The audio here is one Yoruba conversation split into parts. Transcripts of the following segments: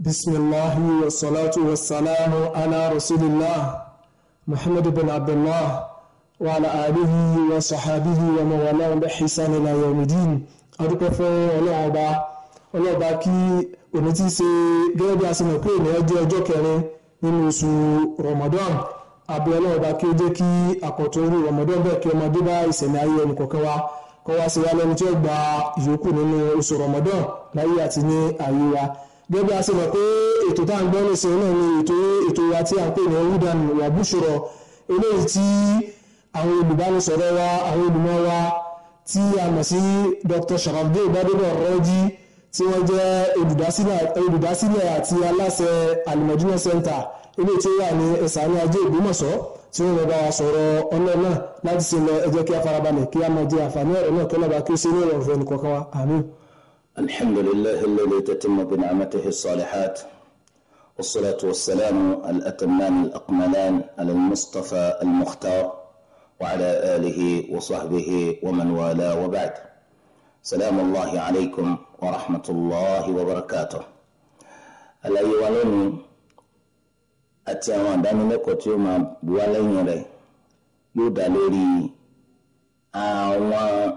بسم الله والصلاة والسلام على رسول الله محمد بن عبد الله وعلى آله وصحابه ومن والاه بإحسان إلى يوم الدين adúpẹ́ fún ọlọ́run ọba ọlọ́run ọba kí òní ti ṣe gẹ́gẹ́ bí a ṣe mọ̀ pé ènìyàn jẹ́ ọjọ́ kẹrin nínú oṣù Ramadan àbí ọlọ́run ọba kí ó jẹ́ kí àkọ́tún orí Ramadan bẹ́ẹ̀ kí ọmọdé bá ìṣẹ̀lẹ̀ ayé ẹnì kọ̀ọ̀kan wa kọ́ wá sí wa lẹ́nu tí ó gba ìyókù nínú oṣù Ramadan láyé àti ní ayé wa gẹ́gẹ́ a ṣe mọ̀ pé ètò tá à ń gbọ́ nísìn náà ni ètò ètò wa tí a ń pè ní wúdàní wà búṣọrọ eléyìí tí àwọn olùbánisọ̀rọ̀ wa àwọn olùmọ̀ wa tí a mọ̀ sí Dr. Sharafdin Gbadebo Raji tí wọ́n jẹ́ olùdásílẹ̀ àti aláṣẹ Al-Madina Center eléyìí tí ó wà ní ẹ̀sánú ajé Ògbómọ̀ṣọ́ tí wọ́n bá wa sọ̀rọ̀ ọlọ́ọ̀ náà láti ṣe lọ ẹ jẹ́ kí a farabalẹ̀ kí a máa jẹ àǹfààní ọ̀rọ̀ náà kí ọlọ́ba kí ó ṣe ní ìrọ̀rùn fún ẹnì kọ̀ọ̀kan wa àmín. الحمد لله الذي تتم بنعمته الصالحات والصلاة والسلام الأتمان الأقملان على المصطفى المختار وعلى آله وصحبه ومن والاه وبعد سلام الله عليكم ورحمة الله وبركاته الأيوة لني داني àwọn àdánilẹ́kọ̀ọ́ بوالين يلي يودا ليري آوان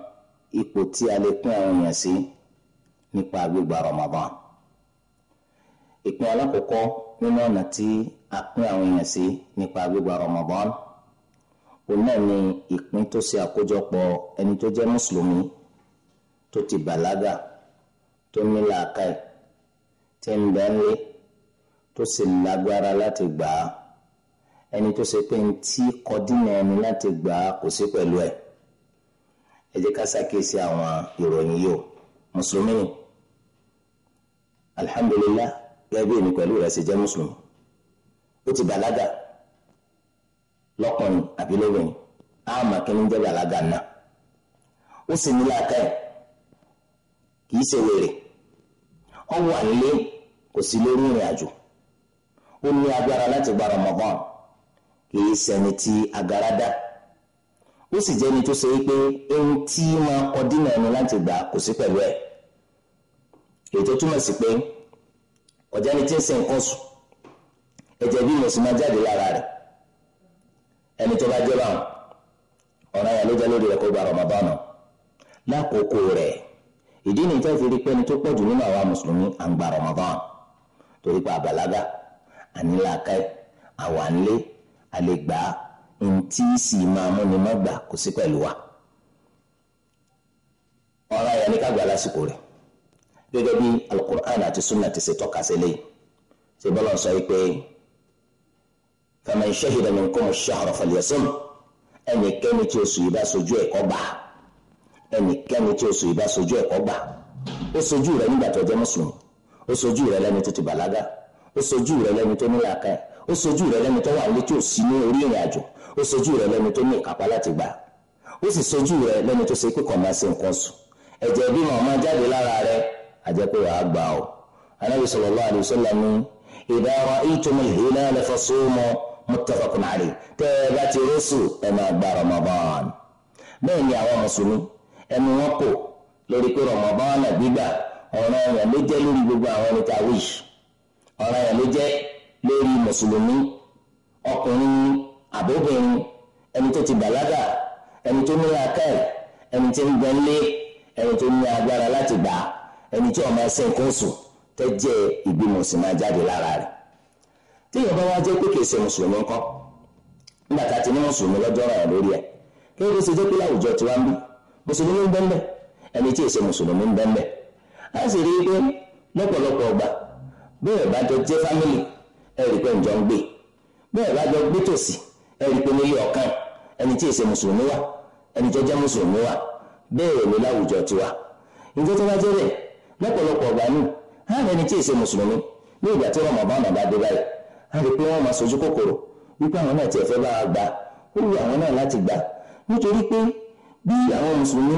lẹ́yìn rẹ̀ yóò dá nípa gbígba Ramadan ìpín alákọ̀ọ́kọ́ nínú ọ̀nà tí a pín àwọn èèyàn sí nípa gbígba Ramadan òun náà ni ìpín tó ṣe àkójọpọ̀ ẹni tó jẹ́ mùsùlùmí tó ti bàlágà tó ní làákàyè tí ń bẹ ńlé tó sì lágbára láti gbà á ẹni tó ṣe pé ń tí kọdínà ẹni láti gbà á kò sí pẹ̀lú ẹ̀ ẹ jẹ́ ká ṣàkíyèsí àwọn ìròyìn yìí o mùsùlùmí ni alihamudulilayi gẹ́gẹ́ bí èmi pẹ̀lú rẹ̀ ṣe jẹ́ mùsùlùmí ó ti bàlágà lọ́kùnrin àbí lóbìnrin àwọn màkínní jẹ́ bàlágà náà ó sì ní làákàyè kì í ṣe wèrè ó wà nílé kò sí lórí ìrìn àjò ó agbára láti gba Ramadan tí agara dá ó sì tó ṣe ohun tí máa ètò túmọ̀ sí pé ọ̀já ni tí ń ṣe nǹkan sùn ẹ̀jẹ̀ bí mo sì máa jáde lára rẹ̀ ẹni tó bá jẹ́ báwọn ọ̀ràn yà ló jẹ́ lórí rẹ̀ kó gba Ramadan lákòókò rẹ̀ ìdí ni tó fi rí pé ẹni tó pọ̀ jù nínú àwa mùsùlùmí à ń gba Ramadan torí pé àbàlágà àníláàkáì àwa ńlé àlègbà ntí sì máa múni má gbà kó sí pẹ̀lú wa ọ̀ràn yà ní ká gbà lásìkò rẹ̀ gẹ́gẹ́ bí alukur'an àti sunna ti ṣe tọ́ka sí lẹ́yìn ṣe bọ́lá sọ yìí pé faman shahida minkum ash-shahra falyasum ẹnikẹ́ni tí oṣù yìí bá sojú ẹ̀kọ́ gbà ẹnikẹ́ni tí oṣù yìí bá sojú ẹ̀kọ́ gbà ó sojú rẹ nígbà tó jẹ́ mùsùlùmí ó sojú rẹ lẹ́ni tó ti bàlágà ó sojú rẹ lẹ́ni tó ní làákàyè ó sojú rẹ lẹ́ni tó wà ní tí ò sí ní orí ìrìn àjò ó sojú rẹ lẹ́ni tó ní ìkápá láti gbà ó sì sojú rẹ lẹ́ni tó ṣe pé kò máa ṣe nǹkan sùn ẹ̀jẹ̀ bímọ máa jáde lára rẹ̀ àjẹpẹ́ wàá gbà ọ́ anabi sallallahu alayhi wa sallam ní idha ra'aytumul hilala fasumu muttafaqun alayhi tẹ́ ẹ bá ti rọ́ṣù ẹ máa gba Ramadan bẹ́ẹ̀ ni àwọn mùsùlùmí ẹnu wọn kò lórí pé Ramadan gbígbà ọ̀ràn ẹ̀yàn ló jẹ́ lórí gbogbo àwọn ẹni tàwí ọ̀ràn ẹ̀yàn ló jẹ́ lórí mùsùlùmí ọkùnrin àbóbìnrin ẹni tó ti bàlágà ẹni tó ní akáì ẹni tó ń gbẹ́ńlé ẹni tó ní agbára láti gbà á ẹni tí ọmọ ẹsẹ̀ nǹkan oṣù tẹ́jẹ̀ ìgbìmọ̀ sì máa jáde lára rẹ̀ téèyàn bá wá jẹ́ pé kìí ṣe mùsùlùmí ńkọ́ nígbà tá a ti ní mùsùlùmí lọ́jọ́ ràn lórí ẹ̀ kí ló ṣe jẹ́ pé láwùjọ tiwa ń bí mùsùlùmí ń bẹ́ńbẹ́ ẹni tí èsè mùsùlùmí ń bẹ́ńbẹ́ a sì rí i pé lọ́pọ̀lọpọ̀ ọgbà bẹ́ẹ̀ bá jọ jẹ́ fámìlì ẹ rí i pé ǹjọ́ ń gbé bẹ́ẹ̀ bá jọ gbé tòsí ẹ rí i pé nílé ọ̀kan ẹni tí èsè mùsùlùmí wà ẹni tó jẹ́ mùsùlùmí wà bẹ́ẹ̀ ni láwùjọ tiwa ǹjẹ́ tó bá jẹ́ bẹ́ẹ̀ lọ́pọ̀lọpọ̀ ọ̀gbà ni àárẹ̀ ni tí ì ṣe mùsùlùmí ní ìgbà tí Ramadan bá dé báyìí a rí i pé wọ́n máa sojú kòkòrò wípé àwọn náà tiẹ̀ fẹ́ bá a gbà ó wù àwọn náà láti gbà nítorí pé bí àwọn mùsùlùmí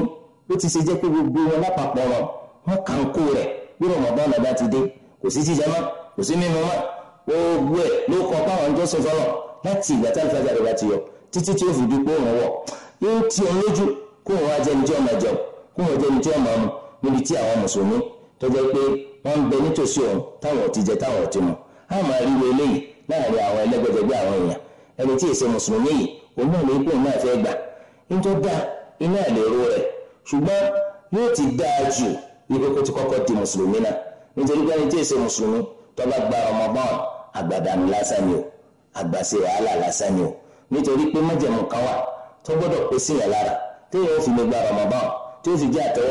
ó ti ṣe jẹ́ pé gbogbo wọn lápapọ̀ wọn wọn kà ń kó rẹ̀ bí Ramadan bá ti dé kò sí jíjẹ mọ́ kò sí mímu mọ́ gbogbo ẹ̀ ló kọ báwọn ń jọ́sìn fọlọ́ láti ìgbà tí alifájà rẹ̀ bá ti tó jẹ́ pé wọ́n ń a nítòsí òun táwọn ti jẹ táwọn ti mu á máa rí wo eléyìí láàrin àwọn ẹlẹ́gbẹ́jẹgbẹ́ àwọn èèyàn ẹni tí èsè mùsùlùmí yìí òun náà lè gbóhùn náà fẹ́ gbà nítorí dá iná ìlérò ṣùgbọ́n ti dáa di mùsùlùmí náà nítorí pé ẹni tí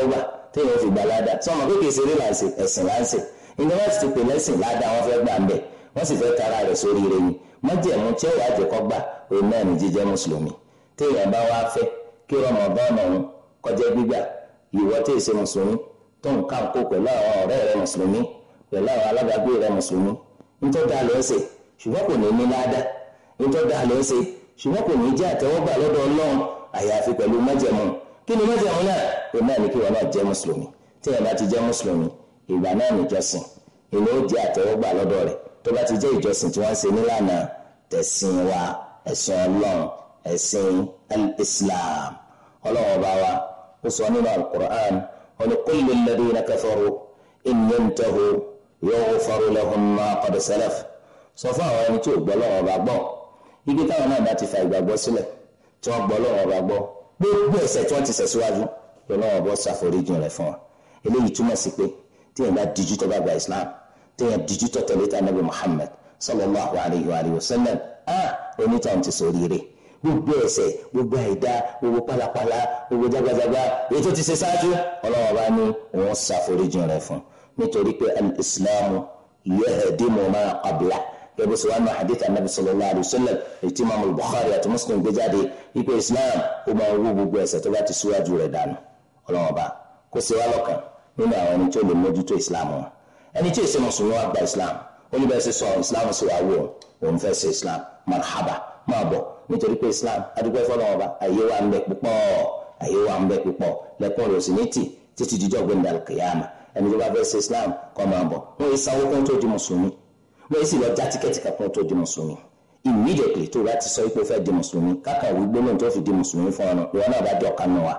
gba ọmọ téèyàn fi gbà ládàá sọmọ pé kìí ṣeré láǹṣe ẹ̀sìn láǹṣe ìdíwọ́n ti pè lẹ́sìn ládàá wọn fẹ́ gbà ń bẹ̀ wọ́n sì fẹ́ tara rẹ̀ sórí rẹ̀ ni mọ́jẹ̀mú tí ó wà á jẹ́ kọ́ gbà òun náà ní jíjẹ́ mùsùlùmí téèyàn bá wá fẹ́ kí Ramadan ọ̀hún kọjá gbígbà ìwọ tí èsè mùsùlùmí tó ń ká nǹkó pẹ̀lú àwọn ọ̀rẹ́ rẹ mùsùlùmí pẹ̀lú àwọn alábàágbé rẹ mùsùlùmí nítọ́da ló ń ṣe ṣùgbọ́n kò ní ní láàdá nítọ́da ló ń ṣe ṣùgbọ́n kò ní jẹ́ àtẹ́wọ́gbà lọ́dọ̀ Ọlọ́run àyàfi pẹ̀lú mọ́jẹ̀mú kí ni mọ́jẹ̀mú náà òun náà ní kí wọn náà jẹ́ mùsùlùmí tí wọn bá ti jẹ́ mùsùlùmí ìgbà náà níjọsìn ìlú ó di lọ́dọ̀ rẹ̀ tó bá ti jẹ́ ìjọsìn tí wọ́n ń ṣe nílànà tẹ̀sìn wa ẹ̀sìn ọlọ́run ẹ̀sìn islam ọlọ́run ọba wa ó sọ nínú alukur'an sọ fún àwọn ẹni tí ò gbọ́ ọba gbọ́ lọ́wọ́ bọ́ ṣàforíjì rẹ̀ fún ọ eléyìí túmọ̀ sí pé téèyàn bá dijú tó bá gba islam téèyàn dijú tó tẹ̀lé tá nàbì muhammad sallallahu alayhi wa alayhi wa sallam ah onítàn ti sọ oríire gbogbo ẹ̀ṣẹ̀ gbogbo àìdá gbogbo pálapàla gbogbo jágbajàgba èyí tó ti ṣe ṣáájú ọlọ́wọ́ bá ní òun ṣàforíjì rẹ̀ fún nítorí pé al-islam yahdimu ma qabla gẹ́gẹ́ sọ wánú hadith ètí imaamu bukhari àti muslim gbé jáde ipò islam ó máa wú gbogbo ẹ̀ṣẹ̀ tó bá ti ṣíwájú rẹ̀ dànù. ọlọ́mọba kó ṣe wá lọ́kàn nínú àwọn ẹni tó lè mójútó islam wọn ẹni tí èsì gba islam ó ní bẹ́ẹ̀ ṣe sọ islam sí wa wò òun fẹ́ islam marhaba máa bọ̀ nítorí pé islam adúgbò fọlọ́mọba àyè wa ń bẹ púpọ̀ àyè wa ń bẹ púpọ̀ lẹ́kùn rẹ̀ ní tì títí islam kọ́ máa bọ̀ wọ́n yìí sanwó kún tó di mùsùlùmí wọ́n yìí sì lọ já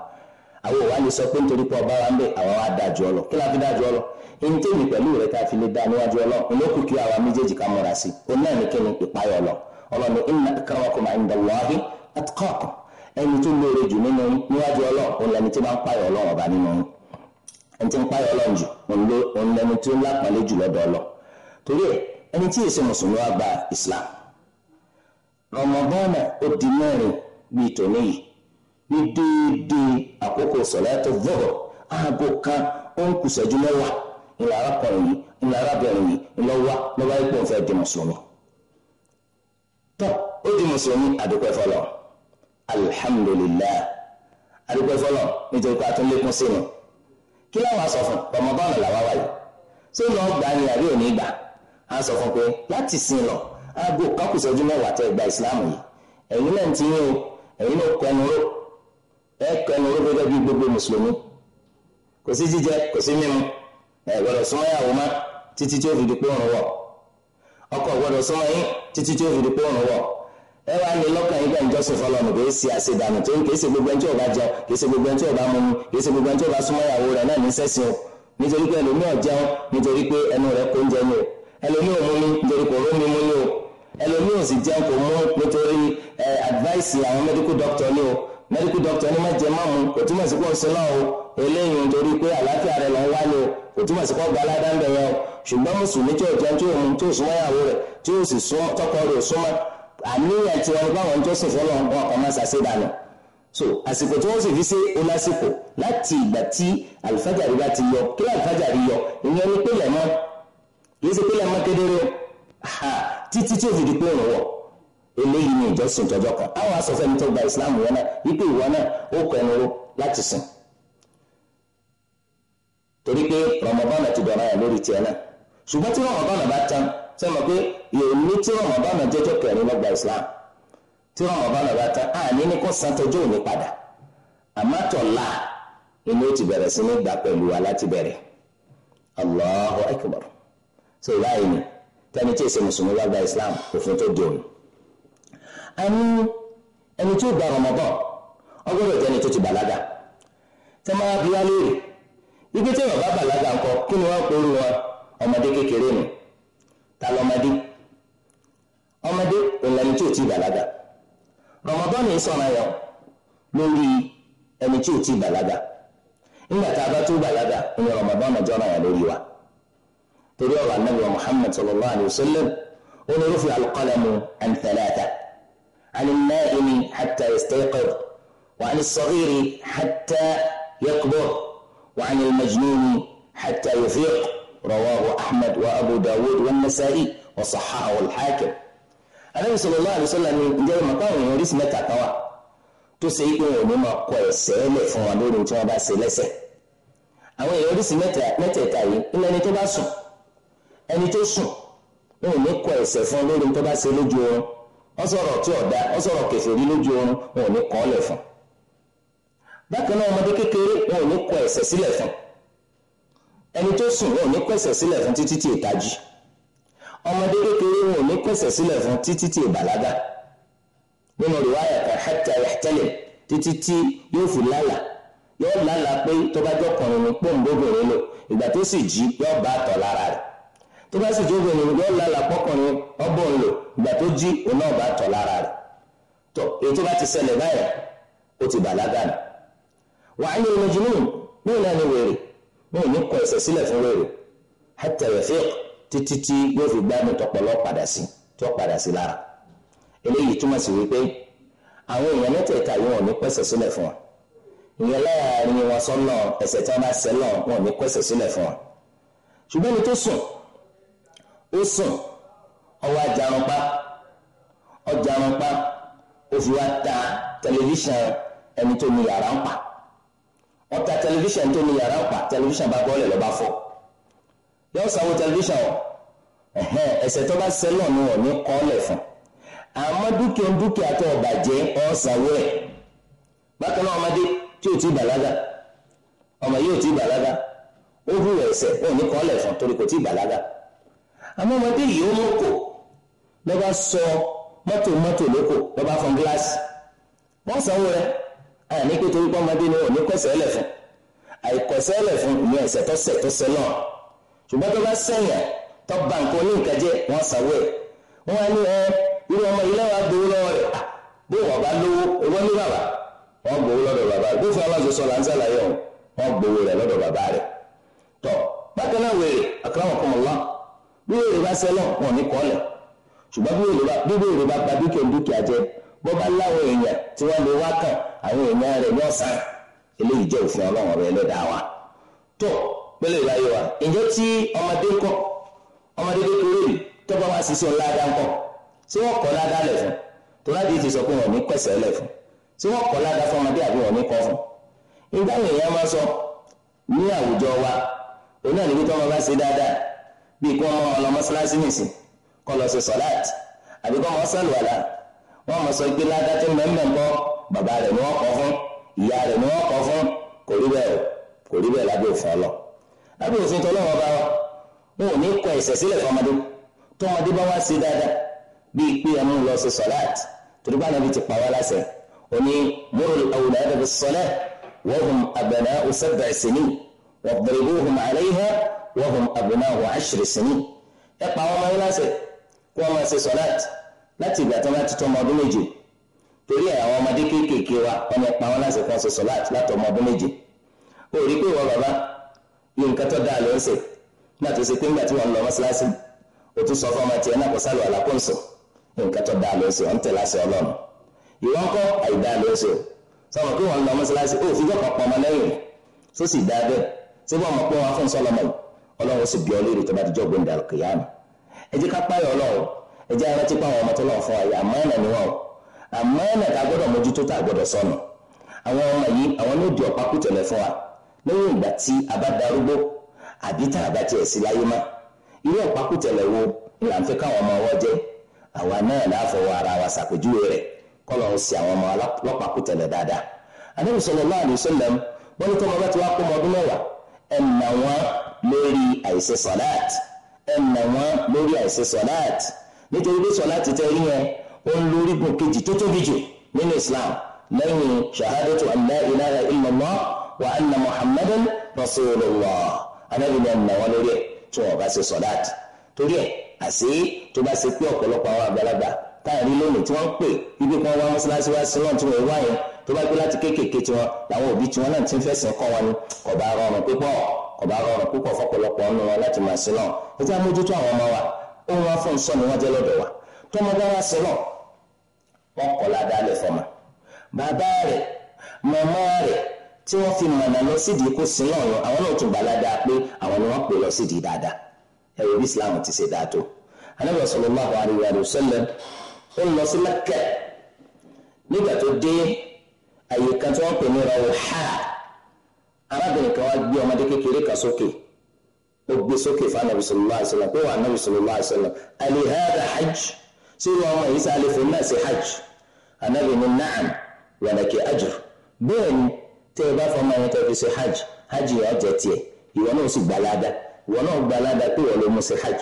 àwọn òwà lè sọ pé nítorí pé ọba wa ń bẹ àwa wa dájú ọlọ kí la fi dájú ọlọ ẹni tèmi pẹ̀lú rẹ tá a fi lè dá níwájú ọlọ olókù kí àwa méjèèjì ká múra sí i oní ẹni kíni ìpayọ ọlọ ọlọni inna akramakum inda Allahi atqakum ẹni tó lóore jù nínú níwájú ọlọ òun lẹni tí máa ń payọ ọlọ ọba nínú ẹni tí ń payọ ọlọ jù òun lẹni tí ó jù lọ́dọ̀ wa Islam Ramadan ó di mẹ́rin ní déédéé àkókò sọ̀láàtì vọ́rọ̀ aago kan ó ń kù ìṣẹ́jú mẹ́wàá ńlá arákùnrin yìí ńlá arábìnrin yìí ńlọ́wọ́ lọ́wọ́ ipò ń fẹ́ di mùsùlùmí. tọ́ ó di mùsùlùmí àdúpẹ́ fọlọ́ alihamudulilayi àdúpẹ́ fọlọ́ nítorí pé a tún lékún sí ni kí láwọn aṣọ fún rọmọbọ́ọ̀nù làwọn wáyé ṣé lọ́ọ́ gbà ni àbí òní gbà á sọ fún pé láti sin lọ aago kan kù mẹ́wàá tẹ́ gba ìsìláàmù yìí ẹ̀yin náà ti yín o ẹ̀yin náà kọ́ ẹnu ró ẹ kẹnu oró gẹ́gẹ́ bí gbogbo mùsùlùmí kò sí jíjẹ kò sí mímu ẹ gbọ́dọ̀ súnmọ́ ìyàwó má títí tí ó fi di pé òun ọkọ gbọ́dọ̀ súnmọ́ yín títí tí ó fi di pé òun wọ̀ ẹ wá ní yín sí kì í ṣe àṣedànù tó ń kì í ṣe gbogbo o nítorí pé jẹun nítorí pé ẹnu ń o mumi nítorí o mẹdíkù dọkítọ ni má jẹ má mu kò túmọ̀ sí pé ń sinú o eléyìí nítorí pé àlàáfíà rẹ lọ ń wáyé o kò túmọ̀ sí pé ọgbà aládàndẹ̀ yẹn o ṣùgbọ́n mùsùlùmí tí ò jẹun tí ò mu tí ò súnmọ́ ìyàwó rẹ̀ tí ò sì súnmọ́ tọkọ rẹ̀ súnmọ́ àníyàn tí wọn báwọn tó sì fọlọ́ wọn kàn máa ṣàṣe dànù so àsìkò tí wọ́n sì fi ṣe é lásìkò láti ìgbà tí àlùfájàrí bá ti yọ kí àlùfájàrí yọ ìyẹn ni pé lẹ́mọ́ yìí ṣe pé lẹ́mọ́ kedere títí tí ò fi di pé òun wọ̀ eléyìí ni ìjọsìn tọjọ kan àwọn asọfẹ ní tó gba ìsìláàmù wọn náà wípé ìwọ náà ó kọ ẹnu ró láti sìn torí pé rọmọbọnà ti dọ̀rọ̀ ẹ̀ lórí tiẹ̀ náà ṣùgbọ́n tí rọmọbọnà bá tán ṣe mọ̀ pé èmi tí rọmọbọnà jẹ́jọ́ kẹrin lọ́gba ìsìláàmù tí rọmọbọnà bá tán àní ní kó san tọjọ́ òní padà àmọ́tọ̀lá inú ti bẹ̀rẹ̀ sí ní gbà pẹ̀lú wa láti bẹ̀rẹ̀ Allahu akbar ṣe ìwáyé ni tẹ́ni tí èsì mùsùlùmí wá gba ìsìláàmù àní ẹni tí ó gba Ramadan ọgbọ́dọ̀ jẹ́ ẹni tó ti bàlágà tẹ́ máa bí wálé rè ibi tí èèyàn bá bàlágà ńkọ kí ni wọ́n poru wọn ọmọdé kékeré nù ta lọmọdé ọmọdé tí ò ti bàlágà lórí ẹni tí ò ti bàlágà nígbà tá a bá tó bàlágà lórí wa torí عن النائم حتى يستيقظ وعن الصغير حتى يكبر وعن المجنون حتى يفيق رواه أحمد وأبو داود والنسائي وصححه الحاكم النبي صلى الله عليه وسلم جاء مقام يوريس متى قوى تسعي إنه لما قوى السيلة فوالور توابا سيلسة àwọn èèyàn oríṣi mẹ́tẹ̀ẹ̀ta yìí ilé ẹni tó bá sùn ẹni tó sùn òun ní kọ ẹ̀ṣẹ̀ fún wọ́n sọ̀rọ̀ tí ọ̀dá wọ́n sọ̀rọ̀ kèfèrí lójú oorun wọn ò ní kọ́ ọ̀lẹ̀ fún bákan náà ọmọdé kékeré wọn ò ní kọ ẹ̀ṣẹ̀ sílẹ̀ fún ẹni tó sùn wọn ò ní kọ ẹ̀ṣẹ̀ sílẹ̀ fún títí tí ìtají ọmọdé kékeré wọn ò ní kọ ẹ̀ṣẹ̀ sílẹ̀ fún títí tí ìbàlágà nínú rìwáyà kan hatta yahtalim títí tí yóò fi lálà yóò lálà pé tó bá jọkùnrin ní pòǹdógòrin lò ìgbà tó sì jí yóò bá àtọ̀ lára rẹ̀ tó bá sì jókòó ènìyàn lọ́ọ́ la làpọ́kànrin ọgbọ́n lò ìgbà tó jí òun náà bá tọ̀ lára rẹ̀ tọ̀ èyí tó bá ti ṣẹlẹ̀ báyìí ó ti bàlágà nù. wà á ní ìmọ̀jìnnú ní ìlànà wèrè ní òní kọ ẹsẹ̀ sílẹ̀ fún wèrè hatta yafiq títí tí yóò fi gbádùn tọpọlọ padà sí tó padà sí lára. eléyìí túmọ̀ sí wípé àwọn èèyàn mẹ́tẹ̀ẹ̀ta yìí wọn ní pẹ̀sẹ̀ sílẹ̀ fún wọn ìyẹn láàrin wọn sọ́nà ẹ̀sẹ̀ tí wọ́n bá ṣẹlọ̀ wọn ní pẹ̀sẹ̀ sílẹ̀ fún wọn. ṣùgbọ́n ní tó sùn ó sùn ọwọ́ ajarunpa ọjarunpa ó fi wá ta tẹlifíṣàn ẹni tó ní yàrá ń pa ó tẹlifíṣàn tó ní yàrá ń pa tẹlifíṣàn bá bọ́ọ̀lù lọ́ba fọ́ yóò sanwó tẹlifíṣàn ọ̀ ẹ̀ṣẹ̀ tó bá sẹ́lọ̀ ni wọ́n ní kọ́ọ̀lẹ̀ fún àmọ́ dúkìá dúkìá tó ọ̀bà jẹ́ ọ̀sánwó ẹ̀ bákan náà ọmọdé tí ò tí ì bàlágà ọmọ yìí ò tí ì bàlágà ó hùwà ẹ̀ṣẹ̀ wọ́n ní kọ́ọ̀lẹ̀ fún torí kò tí ì bàlágà àmọ́ ọmọdé yìí ó mú kò lọ́ba sọ mọ́tò mọ́tò lóko lọ́ba fọn gíláàsì wọ́n sanwó rẹ̀ àní pé torí pé ọmọdé ni òní kọ̀sẹ̀ ẹlẹ̀ fún àìkọ̀sẹ̀ ẹlẹ̀ fún ní ẹ̀sẹ̀ tọ́sẹ̀ tọ́sẹ̀ náà ṣùgbọ́n tó bá sẹ̀yìn tó ba nǹkan oníǹkàjẹ́ wọ́n sanwó ẹ̀ wọ́n á ní ẹ irú ọmọ ilé wa gbowó lọ́wọ́ rẹ̀ ah, bí wọ́n bá lówó owó ní bàbá wọ́n gbowó bí èrè bá sẹ́lọ̀ wọn ní bí èrè bá bí èrè bá dúkìá dúkìá jẹ bá láwọn èèyàn tí wọ́n lè wá kàn àwọn èèyàn rẹ̀ ní ọ̀sán eléyìí jẹ́ òfin kọ ọmọdé kékeré yìí tó bá wá ṣiṣẹ́ ńláadá tí wọ́n kọ́ ládá lẹ̀ fún tó ti sọ pé wọ́n ní pẹ̀sẹ̀ lẹ̀ fún tí bíi kó ọmọ ọlọmọ síláṣí nìsín kó lọ sí sọláàtì àbí kó ọmọ sàlùwàlà wọn mọ sọ gbé ládá tó mẹ́mẹ́ bọ́ bàbá rẹ̀ ni wọ́n kọ́ fún ìyá rẹ̀ ni wọ́n kọ́ fún kò rí bẹ́ẹ̀ kò rí bẹ́ẹ̀ lábẹ́ òfin ọlọ lábẹ́ òfin tó lọ́wọ́ bá wọn ò ní kọ ẹ̀sẹ̀ sílẹ̀ fọmọdé tọmọdé bá wá sí dáadáa bíi pé ẹnu lọ sí sọláàtì torí bá nàbí ti pa wá láṣẹ òní múrò àwùlẹ̀ ẹ̀dẹ̀ bí sọlẹ̀ wọ́n hùm àgbẹ̀nà ọ̀sẹ̀ bẹ̀rẹ̀ sí ni wọ́n bẹ̀rẹ̀ bó hùm àlẹ́ yìí wa hum abna'u ashri sinin ẹ pa àwọn ọmọ yín láṣẹ kí wọ́n máa ṣe sọ́láàtì láti ìgbà tí wọ́n bá ti tó ọmọ ọdún méje torí ẹ̀ àwọn ọmọdé kéékèèké wa ọmọ ẹ̀ pa àwọn láṣẹ kí wọ́n ṣe sọ́láàtì láti ọmọ ọdún méje ó rí pé ìwọ bàbá yìí nǹkan tó dáa ló ń ṣe náà tó ṣe pé ńgbà tí wọ́n lọ mọ́ṣáláṣí ó tún sọ fún ọmọ tiẹ̀ náà kó sálọ àlàkóńsọ nǹkan tó dáa ló ṣe ọ̀n ọlọ́run sì bí ọ léèrè tó bá ti jọ gbẹ̀ǹdà àlùkìyámà ẹ jẹ́ ká páyọ̀ ọlọ́run ẹ jẹ́ arántí pa àwọn ọmọ tó lọ́ọ̀ fún ayé àmánà ni wọ́n àmánà tá a gbọ́dọ̀ mójútó tá a gbọ́dọ̀ sọnù àwọn ọmọ yìí àwọn ló di ọ̀pá kùtẹ̀lẹ̀ fún wa lẹ́yìn ìgbà tí a bá darúgbó àbí tá a bá tiẹ̀ sí láyé má irú ọ̀pá kùtẹ̀lẹ̀ wo là ń fẹ́ káwọn ọmọ wọn jẹ́ àwa náà láàfọwọ́ ara wa ṣàpèjúwe rẹ̀ kọ́lọ̀ ń ṣe àwọn ọmọ ọlọ́pàá kùtẹ̀lẹ̀ dáadáa Ànábì sallallahu alaihi wasallam wọ́n ní bá ti wá kó ọmọ ọdún mẹ́wàá ẹ̀ nà wọ́n lórí àìṣe sọ̀láàt ẹ nà wọ́n lórí àìṣe sọ̀láàt nítorí pé sọ̀láàt tẹ rí yẹn ó ń lórígun kejì tó tóbi jù nínú Islam lẹ́yìn shahadatu an la ilaha illallah wa anna muhammadan rasulullah anábì ni ẹ nà wọ́n lórí ẹ̀ tí wọ́n bá ṣe sọ̀láàt torí ẹ̀ àṣé tó bá ṣe pé ọ̀pọ̀lọpọ̀ àwọn àgbàlagbà káàrin lónìí tí wọ́n ń pè ibi kan wá mọ́ṣáláṣí wá sí náà tí wọ́n wá yẹn tó bá gbé láti kéékèèké tiwọn làwọn òbí tiwọn náà ti ń fẹ̀sìn kọ́ wọn ni kò bá rọrùn pípọ̀ kọba rọrùn púpọ̀ fọ́pọ̀lọpọ̀ ọ̀nà wọn láti máa sin náà ẹ jẹ́ àmójútó àwọn ọmọ wa ó wọn fún sọ ni wọ́n jẹ́ lọ́dọ̀ wa tó ọmọ bá wá sin náà wọ́n kọ́ ládàálẹ̀ fọmọ bàbá rẹ̀ màmá rẹ̀ tí wọ́n fi mọ̀nà lọ sídìí kó sin náà lọ àwọn náà tún bá ládàá pé àwọn ni wọ́n pè lọ sídìí dáadáa ẹ wò bí Islam ti ṣe dáa tó Ànábì sallallahu alaihi wa sallam arábìnrin kan wá gbé ọmọdé kékeré kan sókè ó gbé sókè fún anabi sallallahu alayhi wa sallam pé wà anabi sallallahu alayhi wa sallam alihada hajj sínú ọmọ yìí sáà lè fún náà sí hajj anabi ní naam wàlàkì ajr bẹ́ẹ̀ ni tẹ́ ẹ bá fọ ọmọ yẹn tẹ́ fi ṣe hajj hajj yẹn ọ̀jẹ̀ tiẹ̀ ìwọ náà sì gbalada ìwọ náà gbalada pé ìwọ ló mú ṣe hajj.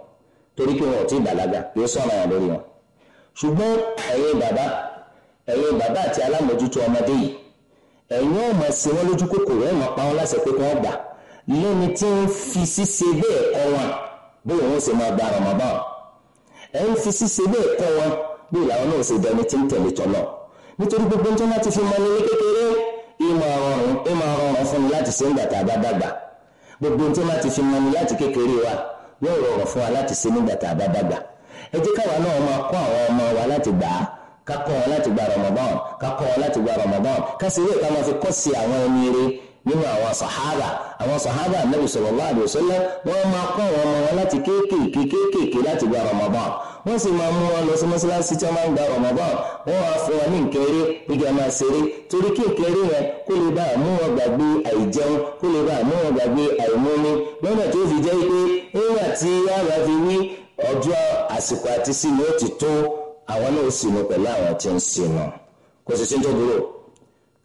torí pé wọn ò tí ì bàlágà yóò sọ̀rọ̀ yàn lórí wọn ṣùgbọ́n ẹ̀yin bàbá ẹ̀yin bàbá àti alámòjútó ọmọdé yìí ẹ̀yin ò mọ̀ sí wọn lójú kòkòrò ẹ̀ mọ̀ pa wọn láṣẹ pé kí wọ́n gbà lẹ́ni tí ń fi ṣíṣe bẹ́ẹ̀ kọ́ wọn bóyá wọn ṣe máa gba ọmọbá wọn ẹ̀ ń fi ṣíṣe bẹ́ẹ̀ kọ́ wọn bóyá làwọn náà ṣe dẹni tí ń tẹ̀lé tọ́lọ̀ nítorí gbogbo tí wọ́n ti fi mọ nílé kékeré ìmọ̀ ọ̀rùn fún mi láti ṣe ń gbàtà bá gbogbo tí wọ́n ti fi mọ ní láti kékeré wa yóò rọrùn fún wa láti ṣe nígbà tá a bá dàgbà ẹ jẹ́ káwa náà máa kọ́ àwọn ọmọ wa láti gbà á ká kọ́ wọn láti gba Ramadan ká kọ́ wọn láti gba Ramadan ká sì rí ìka máa fi kọ́ sí àwọn ẹni rere nínú àwọn sàhábà àwọn sàhábà anabi sallallahu alaihi wasallam wọn máa kọ́ àwọn ọmọ wọn láti kéékèèké kéékèèké láti gba Ramadan wọ́n sì máa mú wọn lọ sí mọ́ṣáláṣí tí wọ́n máa ń gba Ramadan wọ́n wá fún wọn ní nkẹ́rẹ́ igi ọmọ àṣẹrẹ torí kí yẹn kó lè bá àmú gbàgbé àìjẹun kó lè bá àmú gbàgbé àìmúni lọ́nà tó fi jẹ́ pé tí àbá fi wí ọjọ́ àsìkò àti sínú ó ti tó àwọn náà ó sínú pẹ̀lú àwọn tí ń sínú kò sì sí ní tó dúró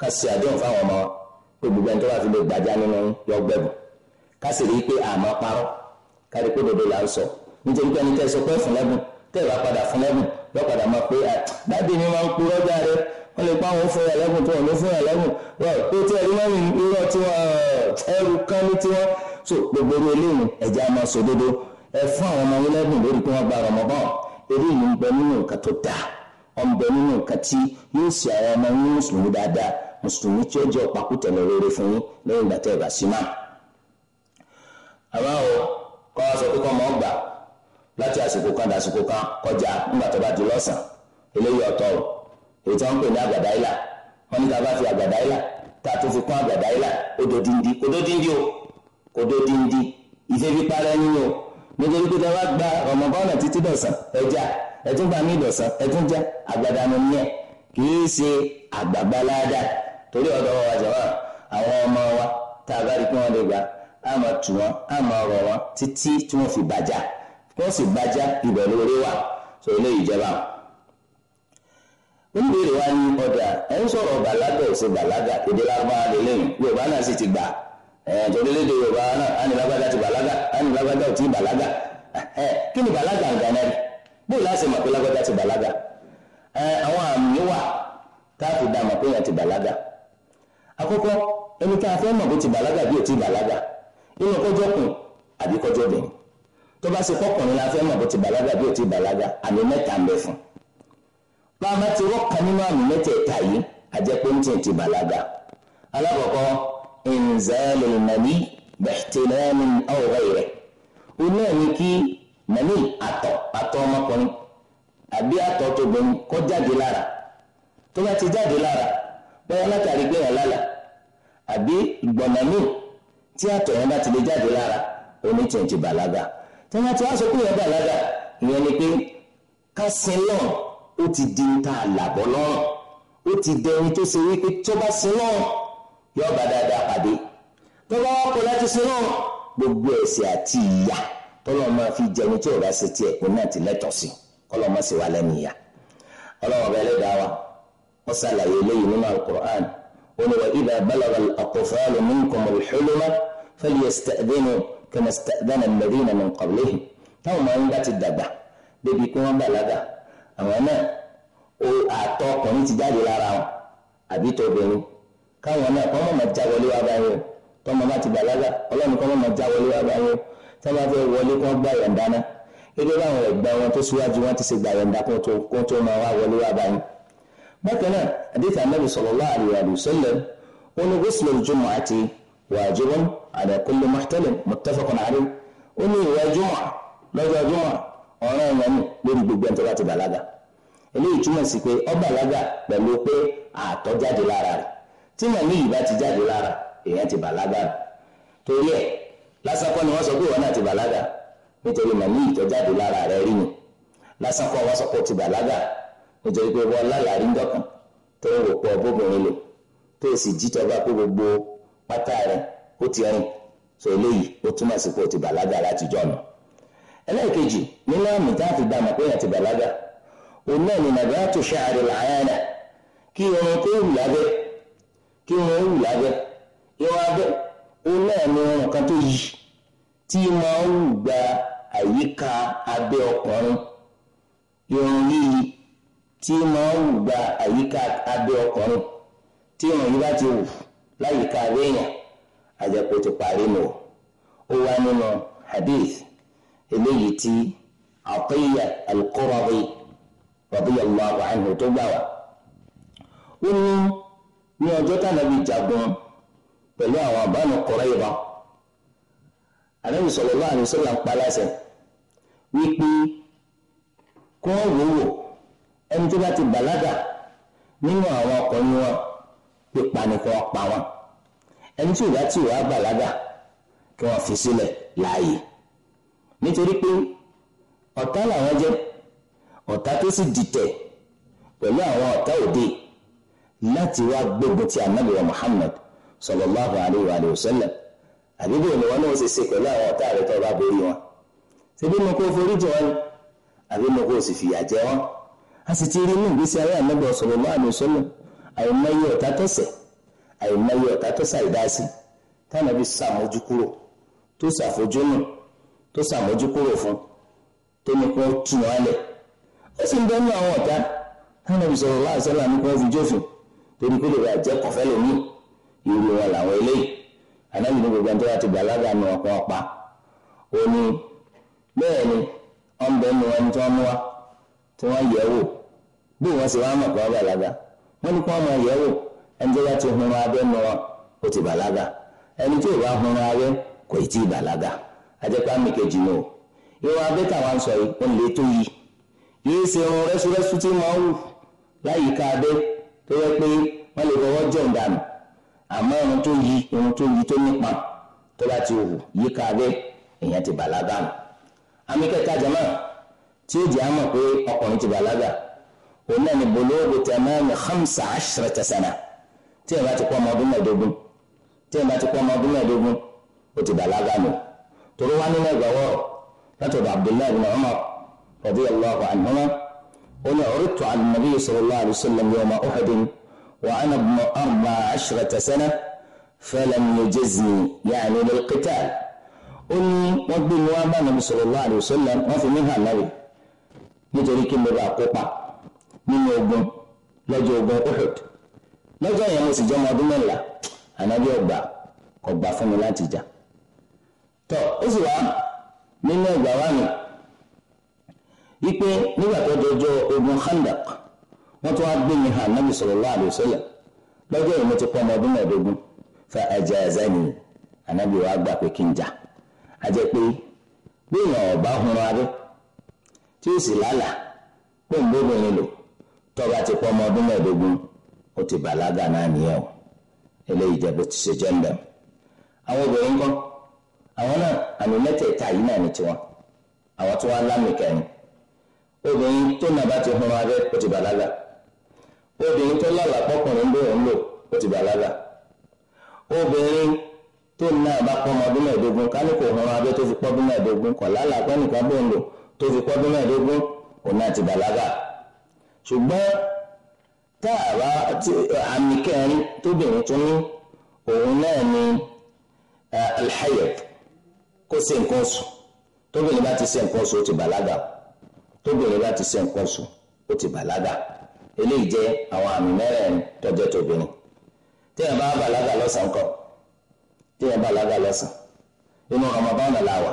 ká ṣe àdéhùn fáwọn ọmọ pé gbogbo ẹni tó bá fi lè gbàjá nínú yọ gbẹ̀bù ká sì rí i pé àmọ́ parọ́ ká rí i pé dodo là ń sọ nítorí pé ẹni tẹ́ sọ pé fún lẹ́bùn tẹ́ ìwà padà fún lẹ́bùn yọ padà máa pé dáàbì mi máa ń purọ́ ọjà rẹ wọ́n lè pa àwọn fún ẹ̀lẹ́gùn tó wọ́n ló fún ẹ̀lẹ́gùn rẹ̀ pé tí ẹ̀rí so gbogbo orí eléyìí ẹ̀jẹ̀ á máa sòdodo ẹ fún àwọn ọmọ ẹlẹ́dùn lórí pé wọ́n gba rọmọbọ́n eré yìí ń bẹ nínú nǹkan tó dáa ọ̀n bẹ nínú nǹkan tí yóò ṣe àwọn ọmọ yín mùsùlùmí dáadáa mùsùlùmí tí ó jẹ́ ọ̀pákùtẹ̀lẹ̀ rere fún yín lẹ́yìn ìgbà tẹ́ ẹ̀ bá sí náà. àmọ́ o kọ́ wa sọ pé kọ́ ọmọ ọgbà láti àsìkò kan dàsìkò kan kọjá nígbà tó bá di lọ́sàn eléyìí ọ̀tọ̀ o èyí tí ń pè ní àgbàdá wọ́n ní ká bá fi àgbàdá ìlà ká tó fi kún àgbàdá ó dodindi ó dodindi o kò dé díndín ife nínú nítorí pé tẹ́wọ́ gba Ramadan títí dọ̀sán ẹja ẹtún bá dọ̀sán ẹtún já àgbàdànù ní ẹ kì í ṣe àgbàgbáládà torí ọ̀dọ́ wa jọ̀wọ́ àwọn ọmọ wa tá a bá rí pé wọ́n lè gbà á máa tù wọ́n á máa rọ̀ wọ́n títí tí wọ́n fi bàjá wọ́n sì bàjá ibẹ̀ lórí wa ní ẹ̀ torílẹ̀-èdè yorùbá náà ánìlágbádá ti bàlágà ánìlágbádá ò tí ì bàlágà kí ni bàlágà nǹkan bó mọ̀ pé lágbádá ti bàlágà àwọn àmì wà káàfin dá mọ̀ pé yẹn ti bàlágà àkọ́kọ́ ẹni tá a fẹ́ mọ̀ bó ti bàlágà bí ò tí ì bàlágà nínú kọjọ́ àbí kọjọ́ tó bá ṣe la fẹ́ mọ̀ bó ti bàlágà bí ò tí ì bàlágà àmì mẹ́ta ń bẹ fún inzal al-mani bihtilam aw ghayrihi ó náà ní kí mani àtọ̀ àtọ̀ ọmọkùnrin àbí àtọ̀ tóbin kó jáde lára tó bá ti jáde lára bóyá látàrí gbéyàn lálà àbí ìgbọ̀nà míì tí àtọ̀ yẹn bá ti lè jáde lára onítìǹtì bàlágà tí wọ́n ti wá sọ pé yẹn bàlágà ìyẹn ni pé kásin náà ó ti di ta àlàbọ̀ lọ́rùn ó ti dẹni tó ṣe wípé tó bá sin náà yóò bá dáadáa pàdé tọ́lá wọn kò láti sin náà gbogbo ẹ̀ṣẹ̀ àti ìyà tọ́lá wọn máa fi jẹun tí òrà ṣe tiẹ̀ pé náà ti lẹ́tọ̀ sí kọ́lọ́ wọn sì wà lẹ́nu ìyà ọlọ́wọ́n bá ẹlẹ́dàá wa wọ́n ṣàlàyé eléyìí nínú alukur'an wọn ni wọ́n ibà balaba akọ̀fọ́lù minkumul huluma falyasta'dhinu kama ista'dhana alladhina min qablihim táwọn máa ń káwọn náà kọ́ mọ̀mọ́ já wọlé wá báyìí o tọ́mọ bá ti bàlágà ọlọ́run kọ́ mọ̀mọ́ já wọlé wá báyìí o tí wọ́n bá fẹ́ wọlé kọ́ gbà yọ̀ǹda náà gẹ́gẹ́ báwọn ẹ̀gbọ́n wọn tó síwájú wọn ti ṣe gbà yọ̀ǹda kó tó máa wá wọlé wá báyìí. bákan náà àdéhùn anábì sallallahu alaihi wa sallam wọn ni ghusl al-jumu'ati wajibun ala kulli muhtalim muttafaqun alayh ó ní ìwẹ̀ jùmọ̀ lọ́jọ́ jùmọ̀ ọ̀ràn ẹ̀yàn nù rẹ̀ tí màmí yìí bá ti jáde lára èèyàn ti bàlágà torí ẹ̀ lásán kọ́ ni wọ́n sọ pé ìwọ náà ti bàlágà nítorí màmí yìí tó jáde lára rẹ̀ rí ni lásán kọ́ wọ́n sọ pé ti bàlágà nítorí pé wọ́n lálàrí tó ń bóbìnrin lò tó so eléyìí ó túmọ̀ sí pé ti bàlágà ẹlẹ́ẹ̀kejì nínú àmì tá a fi gbà mọ̀ ti bàlágà òun náà ni tó ṣe àrè kí wọ́n wù lábẹ́ irun abẹ́ òun náà ni irun kan tó yí tí máa ń wù gba àyíká abẹ́ ọkùnrin irun tí máa ń wù gba àyíká abẹ́ ọkùnrin tí irun yìí bá ti wù láyìíká abẹ́ èèyàn àjẹpọ̀ ti parí ó wá nínú hadith ní ọjọ́ tánàbí jagun pẹ̀lú àwọn àbánu kọ̀rọ̀ ìbá Ànábì sallallahu alaihi wasallam ń paláṣẹ wípé kó wòwò ẹni tó bá ti bàlágà nínú àwọn ọkùnrin wọn pípa nìkan pa wọn ẹni tí ò bá tí ò wá bàlágà kí wọ́n fi sílẹ̀ láàyè nítorí pé ọ̀tá làwọn jẹ́ ọ̀tá tó sì dìtẹ̀ pẹ̀lú àwọn ọ̀tá òde láti wá gbógun ti anabi wa muhammad sallallahu alayhi wa sallam àdúgbò ni wọn náà ṣe ṣe pẹ̀lú àwọn ọ̀tá rẹ̀ tó bá borí wọn ṣebí mo kó forí jẹ wọn àbí mo kó o sì fìyà jẹ wọn a sì ti rí inú ìgbésí ayé anabi sallallahu alayhi wa sallam àìmọye ọ̀tá tọ̀sẹ̀ àìmọye ọ̀tá tọ̀sẹ̀ àìdásí tánàbí sàmójú kúrò tó ṣàfojúnù tó ṣàmójú kúrò fún tó ní kó tún wọn lẹ̀ ó sì ń bẹ́ẹ̀ ní àwọn ọ̀tá tánàbí sallallahu alayhi wa sallam ní kó fi jófin torí kó lè ra jẹ́ kọ̀fẹ́ lómi wọn làwọn eléyìí anábì ní gbogbo ti balaga nù ọ̀pọ̀ ọ̀pá bẹ́ẹ̀ ni wọ́n bẹ nu ẹni tí wọ́n mú wa tí wọ́n wò bí wọ́n sì wá mọ̀ pé wọ́n wọ́n ní wọ́n wò ẹni ti hun abẹ́ nu wọn ó ti bàlágà ẹni tí ò bá hun abẹ́ kò tí ì bàlágà kejì abẹ́ sọ yìí ó lè tó yẹ pé wọ́n lè fọwọ́ jọ̀ǹ dànù àmọ́ irun tó yí irun tó yí tó nípa tó bá ti hù yíká abẹ́ èèyàn ti bàlágà nù. àmì kẹta jama tí ó jẹ́ àmọ̀ pé ọkùnrin ti bàlágà òun náà ni bolóògùn tẹ̀ mọ́ ní hamsa ashra tasana tí èèyàn bá ti pọ́ ọmọ ọdún mẹ́ẹ̀ẹ́dógún tí èèyàn bá ti pọ́ ọmọ ọdún mẹ́ẹ̀ẹ́dógún ó ti bàlágà nù. torí wá nínú ẹgbẹ́ wọ́ọ̀ látọ̀dọ̀ Abdullahi bin Umar radiyallahu anhuma أنا عرضت على النبي صلى الله عليه وسلم يوم أحد وأنا ابن أربع عشرة سنة فلم يجزني يعني للقتال أني وابن وابا النبي صلى الله عليه وسلم ما في منها النبي nítorí kí mo من kópa nínú ogun أحد. ogun Uhud lọ́jọ́ yẹn mo أنا jẹ́ ọmọ ọdún mẹ́la ànábì ọgbà ọgbà fún mi láti ipe nígbà tó dọjọ́ ogun khandak wọ́n tún wá gbé mi hàn nábì sallallahu alaihi wasallam lọ́jọ́ yìí mo ti pọ́ fa ànábì wa gbà pé kí n jà á ọba hun abẹ tí ó sì lálàá pé ń lò ti ọdún ó ti bàlágà náà nìyẹn o eléyìí bó ti ṣe ń obìnrin tó nàbà ti hun abẹ́ ó ti bàlágà obìnrin tó lálàá pọ́kùnrin ló ń lò ó ti bàlágà obìnrin tó náà bá ọmọ ọdún ní kò hun abẹ́ tó fi ọdún ń lò tó fi ọdún òun náà ti bàlágà ṣùgbọ́n tá a àmì kẹrin tóbìnrin tó ní òun náà eh, kó nǹkan tóbìnrin bá ti ṣe nǹkan ó ti bàlágà tó bẹ̀rẹ̀ láti ṣe nǹkan oṣù ó ti bàlágà eléyìí jẹ́ àwọn àmì mẹ́rẹ̀ẹ̀rin tọ́jọ́ tóbìnrin téèyàn bá bàlágà lọ́sàn-án kọ́ téèyàn bàlágà lọ́sàn-án inú Ramadan là wà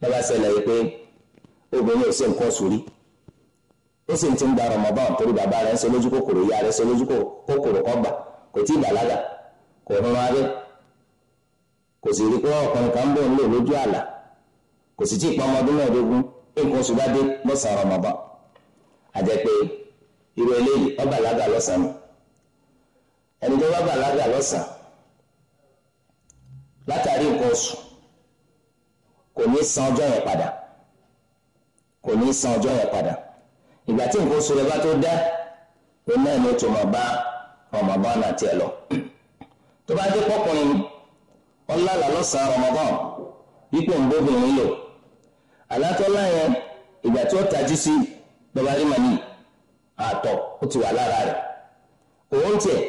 lọ́ba ṣẹlẹ̀ yìí pé obìnrin ò ṣe nǹkan oṣù rí ó sì ti ń gba Ramadan torí bàbá rẹ̀ ń ṣe lójú kòkòrò ìyá rẹ̀ ṣe lójú kòkòrò ọgbà kò tí ì bàlágà kò rún wa rí kò sì rí pé ọkùnrin kan bò ń lò lójú àlà kò sì tí ì pa ọmọ ọdún mẹ́ẹ̀ẹ́dógún nǹkan oṣù bá dé lọ́sàn-án Ramadan àjẹ́ pé irú eléyìí ó bàlágà lọ́sàn-án ẹni tó bá bàlágà lọ́sàn-án látàrí nǹkan oṣù kò ní san ọjọ́ yẹn padà kò ní san ọjọ́ yẹn padà ìgbà tí nǹkan oṣù rẹ bá tó dá òun náà ni ó tó máa bá Ramadan àti ẹ̀ lọ tó bá dé pọ́kùnrin ọlọ́lá lọ́sàn-án Ramadan yípo ń bóbìnrin lò. alátọ́lá yẹn ìgbà tí ó tají sí lọ́ba ni màmí ó ti wà lára rẹ̀ òun tiẹ̀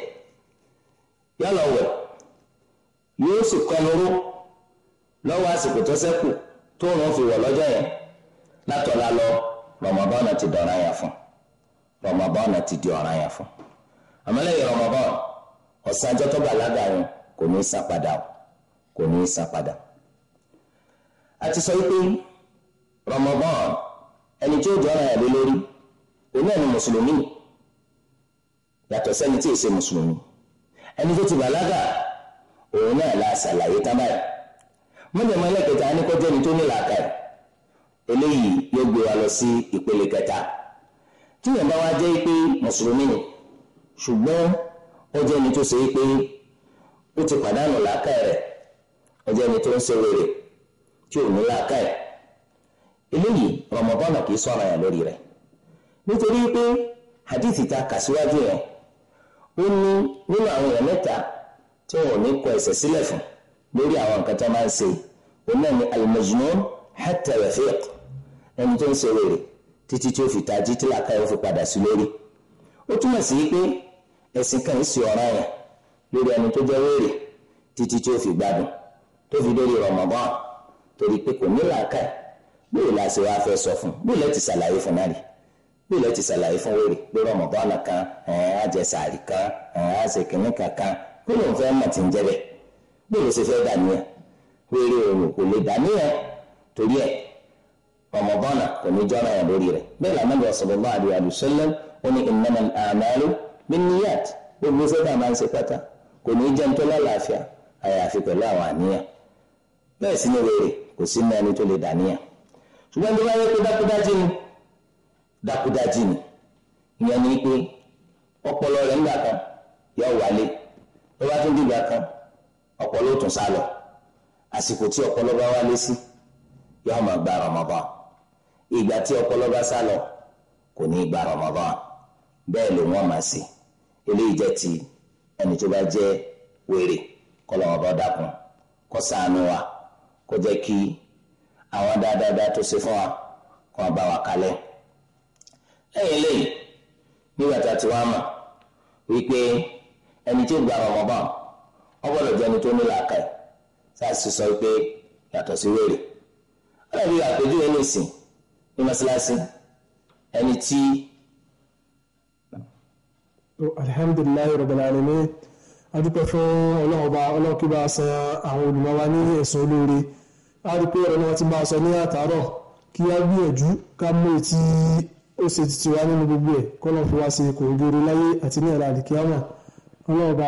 yálà wẹ̀ yóò sì kọnuró lọ́wọ́ àsìkò tó fi lọ́jọ́ yẹn lọ rọmọbọ́nà ti fún ti di fún yẹn kò ní í kò ní í a ti Ramadan ẹni tí ó jọ ọ̀ràn ẹ̀rí lórí òun náà ni mùsùlùmí yàtọ̀ sẹ́ni tí ì ṣe mùsùlùmí ẹni tó ti bàlágà òun náà la ṣàlàyé tábàyà mọ́jọ̀mọ́ ẹlẹ́kẹta ní kọjá ẹni tó ní làákàyè eléyìí yóò gbé wa lọ sí ìpele kẹta tí yẹn bá wá jẹ́ pé mùsùlùmí ṣùgbọ́n ó jẹ́ ẹni tó ṣe pé ó ti pàdánù làákàyè rẹ̀ ó jẹ́ ẹni tó ń ṣe wèrè tí ò ní làákàyè eléyìí rọmọbọ́nà kì í sọ̀rọ̀ yẹn lórí rẹ̀ nítorí pé hadith ta kà yẹn ó ní nínú àwọn èèyàn mẹ́ta tí wọn ò ní kọ ẹsẹ̀ sílẹ̀ fún lórí àwọn nǹkan tó máa ń ṣe òun náà ni ẹni tó ń ṣe wèrè títí tí ó fi ta títí làkà yóò fi padà sí lórí ó túmọ̀ sí pé ẹ̀sìn kan ọ̀ràn yẹn lórí ẹni fi gbádùn tó fi torí pé kò bóyá la ṣe wá fẹ́ sọ fún bóyá lẹ́tì ṣàlàyé fún náà rí bóyá lẹ́tì ṣàlàyé fún wèrè pé rọmọbọ́nà kan ẹ̀ẹ́n àjẹsàárì kan ẹ̀ẹ́n àṣekìnní kankan bóyá òun fẹ́ mọ̀ tí ń jẹ́ bẹ́ẹ̀ bóyá ló ṣe fẹ́ dàníyàn wèrè òun kò lè dàníyàn torí ẹ̀ rọmọbọ́nà kò ní jọ́ra yàn lórí rẹ̀ bẹ́ẹ̀ làmọ́lẹ̀ sallallahu bẹ́ẹ̀ sì ni wèrè kò sí mọ́ tó lè dàníyàn ṣùgbọ́n tó bá yẹ pé dákúdájí ni dákúdájí ni ìyẹn ni pé ọpọlọ rẹ̀ ńgbà kan yọ wálé tó bá tún dìgbà kan ọpọlọ tún sá lọ àsìkò tí ọpọlọ bá wálé yọ máa gba Ramadan ìgbà tí ọpọlọ bá sá lọ kò ní gba bẹ́ẹ̀ ló wọ́n máa eléyìí jẹ́ ti ẹni tó bá jẹ́ wèrè bá wa kó jẹ́ àwọn dáadáa tó ṣe fún wa kó wọn bá wa kalẹ̀ lẹ́yìn lẹ́yìn nígbà tá a ti wá mọ̀ wípé ẹni tí ó gba ọ gbọ́dọ̀ jẹ́ ẹni tó ní làákàyè tá a sì sọ pé yàtọ̀ sí wèrè ọlọ́run àpèjúwe ní ìsìn ọba a san àwọn ní ẹ̀sùn olóore. a rí pé ọ̀rọ̀ náà ti máa sọ ní àtàárọ̀ kí a gbìyànjú ká mú etí ó ṣe ti tiwa nínú gbogbo ẹ̀ kọ́ lọ́n fi wá sí kò gèrè láyé àti ní ẹ̀rọ àdìkíyàmọ̀ ọlọ́ọ̀bá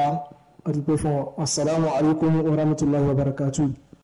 a dúpẹ́ fún ọ assalamu alaikum wa rahmatullahi wa barakatuh.